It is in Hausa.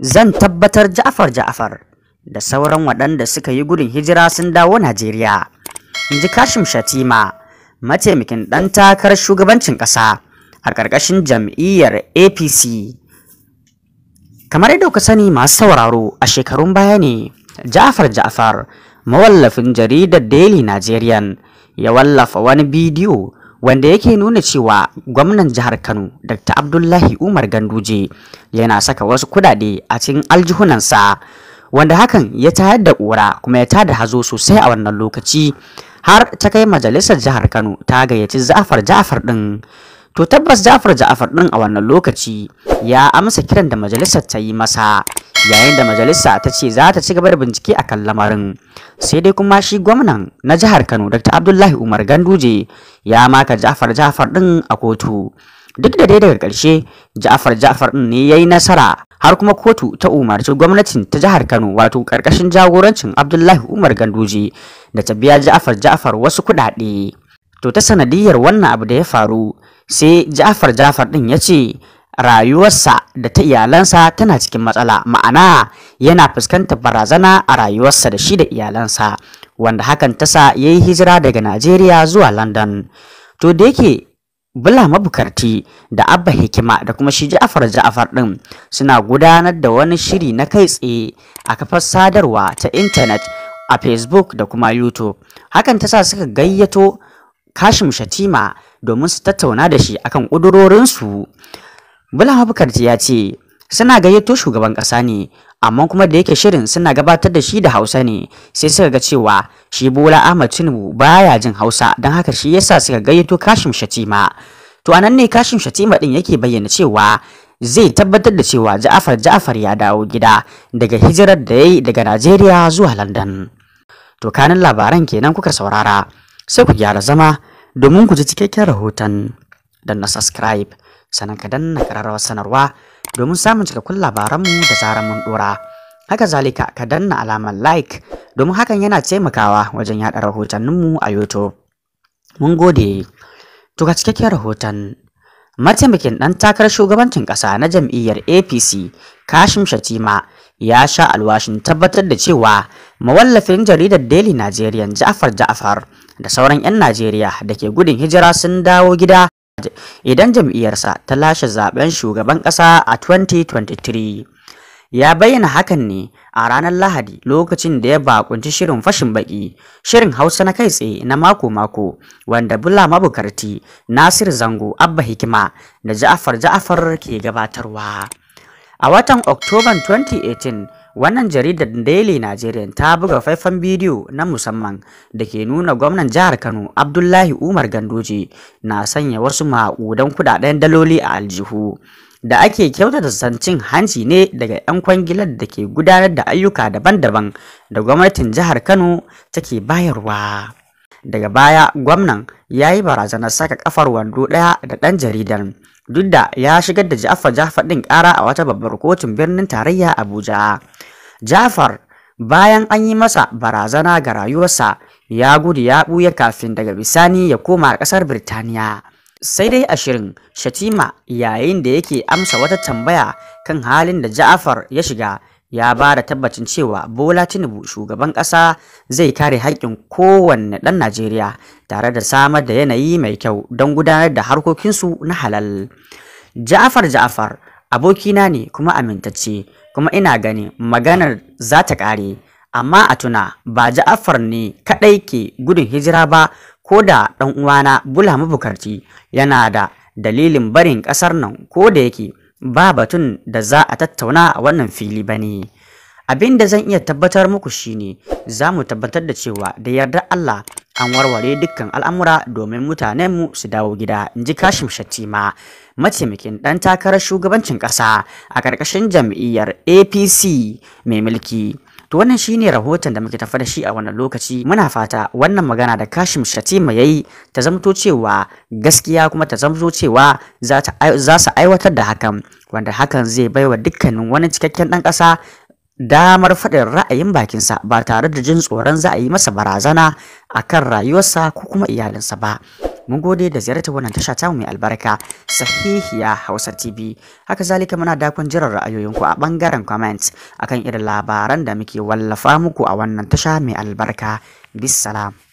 zan tabbatar Ja'far Ja'far da sauran waɗanda suka yi gudun hijira sun dawo Najeriya. In ji Kashim Shatima, mataimakin ɗan takarar shugabancin ƙasa a ƙarƙashin jam'iyyar APC. Kamar yadda ku sani masu sauraro a shekarun baya ne, Ja'far Ja'far, mawallafin jaridar Daily Nigerian, ya wallafa wani bidiyo wanda yake nuna cewa gwamnan jihar Kano Dr. Abdullahi Umar Ganduje yana saka wasu kudade a cikin aljihunansa wanda hakan ya tayar da ƙura kuma ya tada hazo sosai a wannan lokaci har ta kai majalisar jihar Kano ta gayyaci Ja'far Ja'far din to tabbas Ja'far Ja'far din a wannan lokaci ya amsa kiran da majalisar ta yi masa yayin da majalisa ta ce za ta ci gaba da bincike a kan lamarin sai dai kuma shi gwamnan na jihar kano dr abdullahi umar ganduje ya maka jafar jafar din a kotu duk da dai daga ƙarshe jafar jafar din ne ya yi nasara har kuma kotu ta umarci gwamnatin ta jihar kano wato ƙarƙashin jagorancin abdullahi umar ganduje da ta biya jafar jafar wasu kuɗaɗe to ta sanadiyar wannan abu da ya faru sai jafar jafar din ya ce rayuwarsa da ta iyalansa tana cikin matsala ma'ana yana fuskantar barazana a rayuwarsa da shi da iyalansa wanda hakan ta sa ya yi hijira daga najeriya zuwa london to da yake bula mabukarti da abba hikima da kuma shi ja'afar ja'afar din suna gudanar da wani shiri na kai tsaye a kafar sadarwa ta intanet a facebook da kuma youtube hakan ta sa suka gayyato kashim shatima domin su tattauna da shi akan ƙudurorinsu Bulan Habukarti ya ce suna gayyato shugaban ƙasa ne amma kuma da yake shirin suna gabatar da shi da Hausa ne sai suka ga cewa shi Bola Ahmad Tinubu baya jin Hausa don haka shi yasa suka gayyato Kashim Shatima to anan ne Kashim Shatima ɗin yake bayyana cewa zai tabbatar da cewa Ja'afar Ja'afar ya dawo gida daga hijirar da yayi daga Najeriya zuwa London to kanin labaran kenan kuka saurara sai ku gyara zama domin ku ji cikakken rahoton dan na subscribe sanan ka danna kararrawar sanarwa domin samun cikakkun labaranmu da zarar mun dora haka zalika ka danna alamar like domin hakan yana taimakawa wajen yaɗa rahotanninmu a youtube mun gode to ga cikakken rahoton mataimakin ɗan takarar shugabancin ƙasa na jam'iyyar apc kashim shatima ya sha alwashin tabbatar da cewa mawallafin jaridar daily nigerian ja'far ja'far da sauran 'yan najeriya da ke gudun hijira sun dawo gida idan jam'iyyarsa ta lashe zaben shugaban ƙasa a 2023. Ya bayyana hakan ne a ranar Lahadi lokacin da ya bakunci shirin fashin baki, shirin Hausa na kai tsaye na mako-mako, wanda Bula Mabukarti, Nasir Zango, Abba Hikima da Ja'afar Ja'afar ke gabatarwa. A watan Oktoban 2018, Wannan jaridar Daily Nigerian ta buga faifan bidiyo na musamman da ke nuna gwamnan jihar Kano Abdullahi Umar Gandoji na sanya wasu maƙudan kudaden daloli a aljihu. Da ake kyautata sancin hanci ne daga 'yan kwangilar da ke gudanar da ayyuka daban-daban da gwamnatin jihar Kano take bayarwa. Daga baya gwamnan ya yi barazanar saka kafar wando ɗaya da ɗan jaridan. duk da ya shigar da jafa jafa din ƙara a wata babbar kotun birnin tarayya Abuja. Jafar bayan an yi masa barazana ga rayuwarsa ya gudu ya ɓuya kafin daga bisani ya koma ƙasar Birtaniya. Sai dai ashirin Shatima yayin da yake amsa wata tambaya kan halin da Jafar ya shiga ya ba da tabbacin cewa Bola Tinubu shugaban ƙasa zai kare haƙƙin kowanne ɗan Najeriya tare da samar da yanayi mai kyau don gudanar da harkokinsu na halal. Jafar Jafar, abokina ne kuma amintacce kuma ina gani maganar za ta ƙare amma a tuna ba ja'afar ne kaɗai ke gudun hijira ba ko da ɗan uwana bula mabukarci yana da dalilin barin ƙasar nan ko da yake ba batun da za a tattauna a wannan fili ba ne abin da zan iya tabbatar muku shine za mu tabbatar da cewa da yardar Allah an warware dukkan al'amura domin mutanenmu su dawo gida in ji kashim shattima mataimakin ɗan takarar shugabancin ƙasa a ƙarƙashin jam'iyyar apc mai mulki to wannan shine rahoton da muke tafa da shi a wannan lokaci muna fata wannan magana da kashim shatima yayi ta zamto cewa gaskiya kuma ta zamto cewa za su aiwatar da hakan wanda hakan zai baiwa dukkanin wani cikakken ɗan ƙasa damar faɗin ra'ayin bakinsa ba tare da jin tsoron za a yi masa barazana a kan rayuwarsa ko kuma iyalinsa ba. Mun gode da ziyartar wannan tasha ta mai albarka sahihiya Hausa TV. Haka zalika muna dakon jiran ra'ayoyinku a ɓangaren comment akan irin labaran da muke wallafa muku a wannan tasha mai albarka. Bissalam.